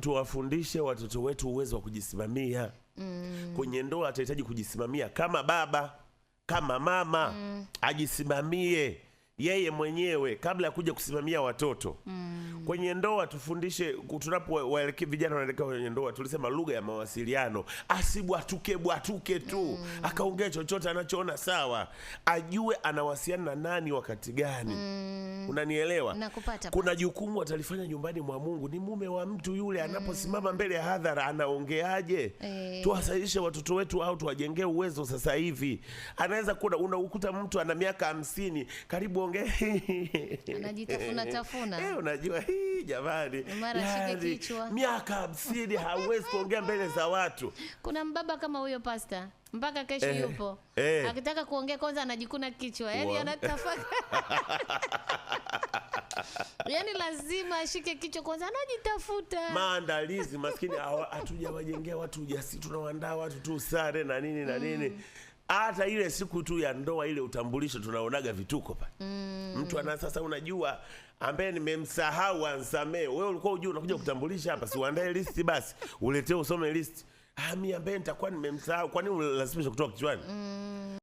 tuwafundishe watoto wetu uwezo wa kujisimamia mm. Kwenye ndoa atahitaji kujisimamia kama baba kama mama mm. Ajisimamie yeye mwenyewe kabla ya kuja kusimamia watoto mm. Kwenye ndoa tufundishe, tunapo vijana wanaelekea kwenye ndoa, tulisema lugha ya mawasiliano, asibwatuke bwatuke tu mm. Akaongea chochote anachoona sawa, ajue anawasiliana na nani wakati gani mm mm. Unanielewa? Kuna jukumu atalifanya nyumbani mwa Mungu, ni mume wa mtu yule anaposimama mm. mbele ya hadhara anaongeaje? E. Eh. Tuwasaidishe watoto wetu au tuwajengee uwezo sasa hivi. Anaweza kuna unakuta mtu ana miaka hamsini karibu ongee unajitafuna eh, eh, eh. tafuna. Eh, unajua hii jamani. Mara shike yaani, kichwa. Miaka hamsini hauwezi kuongea mbele za watu. Kuna mbaba kama huyo pasta mpaka kesho eh, yupo eh. Akitaka kuongea kwanza anajikuna kichwa, yaani anatafakari yaani lazima ashike kichwa kwanza, anajitafuta. Maandalizi maskini hatujawajengea watu ujasiri, tunawaandaa watu tu sare na nini na nini mm hata ile siku tu ya ndoa ile utambulisho tunaonaga vituko pale mm. mtu ana sasa, unajua ambaye nimemsahau ansamee. Wewe ulikuwa ujua unakuja kutambulisha hapa, si uandae listi basi uletee usome listi. Ah, mimi ambaye nitakuwa nimemsahau, kwani ulazimisha kutoka kichwani? mm.